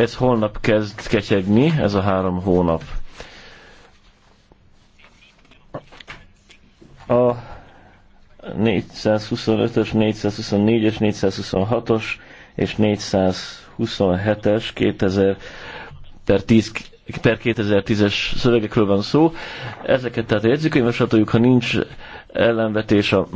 Ez holnap kezd ketyegni, ez a három hónap. A 425-ös, 424-es, 426-os és 427-es 2000 per 10 per 2010-es szövegekről van szó. Ezeket tehát a jegyzőkönyvbe ha nincs ellenvetés a